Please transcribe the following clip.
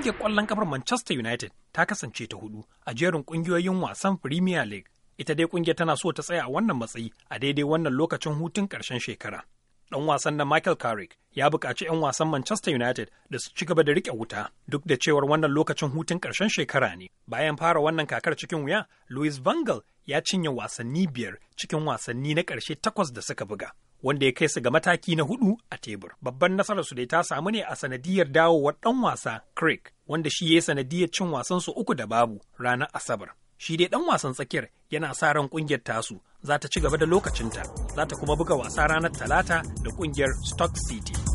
Ƙungiyar ƙwallon kafar Manchester United ta kasance ta hudu a jerin ƙungiyoyin wasan Premier League. Ita dai ƙungiyar tana so ta tsaya a wannan matsayi a daidai wannan lokacin hutun ƙarshen shekara. Ɗan wasan na Michael Carrick ya buƙaci 'yan wasan Manchester United da su ci gaba da riƙe wuta duk da cewar wannan lokacin hutun ƙarshen shekara ne. Bayan fara wannan kakar cikin wuya, Louis Van Gaal ya cinye wasanni biyar cikin wasanni na ƙarshe takwas da suka buga. Wanda ya kai su ga mataki na hudu a tebur. Babban nasarar su dai ta samu ne a sanadiyar dawowar ɗan wasa Craig, wanda shi ya yi sanadiyar cin wasansu uku da babu ranar Asabar. shi dai dan wasan tsakiyar yana sa ran kungiyar tasu za ta ci gaba da lokacinta za ta kuma buga wasa ranar talata da kungiyar stock city